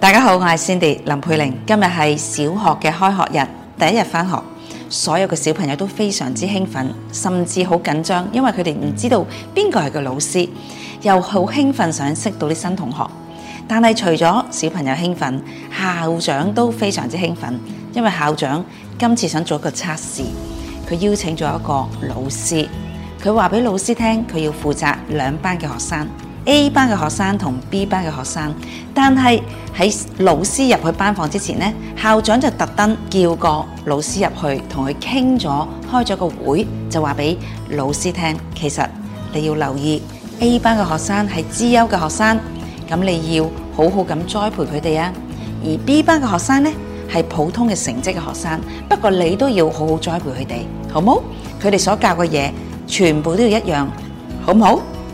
大家好，我係 Cindy 林佩玲。今日係小學嘅開學日，第一日返學，所有嘅小朋友都非常之興奮，甚至好緊張，因為佢哋唔知道邊個係個老師，又好興奮想識到啲新同學。但係除咗小朋友興奮，校長都非常之興奮，因為校長今次想做一個測試，佢邀請咗一個老師，佢話畀老師聽，佢要負責兩班嘅學生。A 班嘅學生同 B 班嘅學生，但係喺老師入去班房之前呢，校長就特登叫個老師入去同佢傾咗，開咗個會，就話俾老師聽，其實你要留意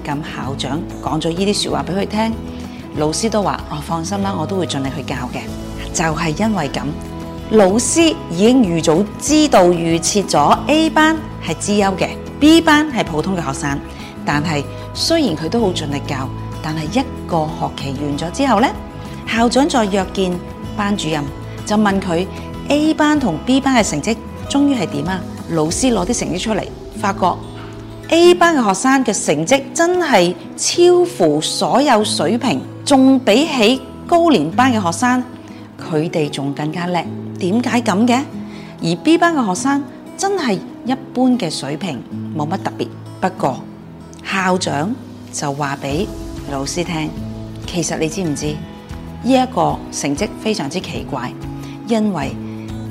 咁校長講咗呢啲說話俾佢聽，老師都話：哦，放心啦，我都會盡力去教嘅。就係因為咁，老師已經預早知道、預設咗 A 班係資優嘅，B 班係普通嘅學生。但係雖然佢都好盡力教，但係一個學期完咗之後呢，校長再約見班主任，就問佢 A 班同 B 班嘅成績，終於係點啊？老師攞啲成績出嚟，發覺。A 班嘅學生嘅成績真係超乎所有水平，仲比起高年班嘅學生，佢哋仲更加叻。點解咁嘅？而 B 班嘅學生真係一般嘅水平，冇乜特別。不過校長就話俾老師聽，其實你知唔知呢一個成績非常之奇怪？因為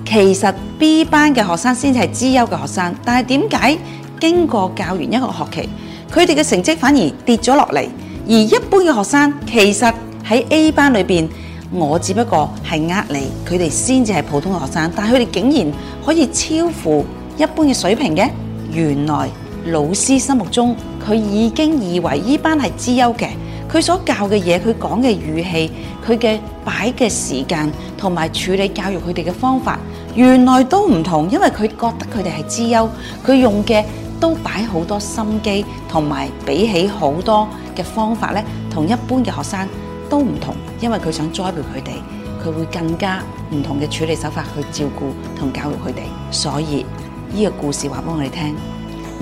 其實 B 班嘅學生先至係資優嘅學生，但係點解？經過教完一個學期，佢哋嘅成績反而跌咗落嚟，而一般嘅學生其實喺 A 班裏邊，我只不過係呃你，佢哋先至係普通嘅學生，但係佢哋竟然可以超乎一般嘅水平嘅，原來老師心目中佢已經以為呢班係資優嘅，佢所教嘅嘢，佢講嘅語氣，佢嘅擺嘅時間，同埋處理教育佢哋嘅方法，原來都唔同，因為佢覺得佢哋係資優，佢用嘅。都擺好多心機，同埋比起好多嘅方法咧，同一般嘅學生都唔同，因為佢想栽培佢哋，佢會更加唔同嘅處理手法去照顧同教育佢哋。所以呢、這個故事話俾我哋聽，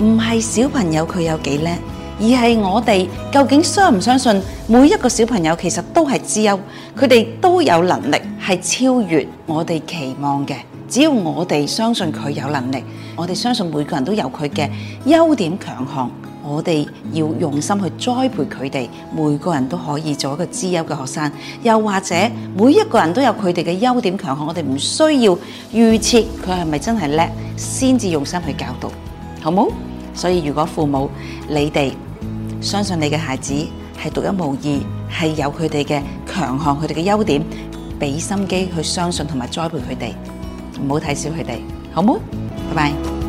唔係小朋友佢有幾叻，而係我哋究竟相唔相信每一個小朋友其實都係資優，佢哋都有能力係超越我哋期望嘅。只要我哋相信佢有能力，我哋相信每個人都有佢嘅優點強項，我哋要用心去栽培佢哋。每個人都可以做一個資優嘅學生，又或者每一個人都有佢哋嘅優點強項，我哋唔需要預設佢係咪真係叻，先至用心去教導，好冇？所以如果父母你哋相信你嘅孩子係獨一無二，係有佢哋嘅強項，佢哋嘅優點，俾心機去相信同埋栽培佢哋。唔好睇小佢哋，好冇？拜拜。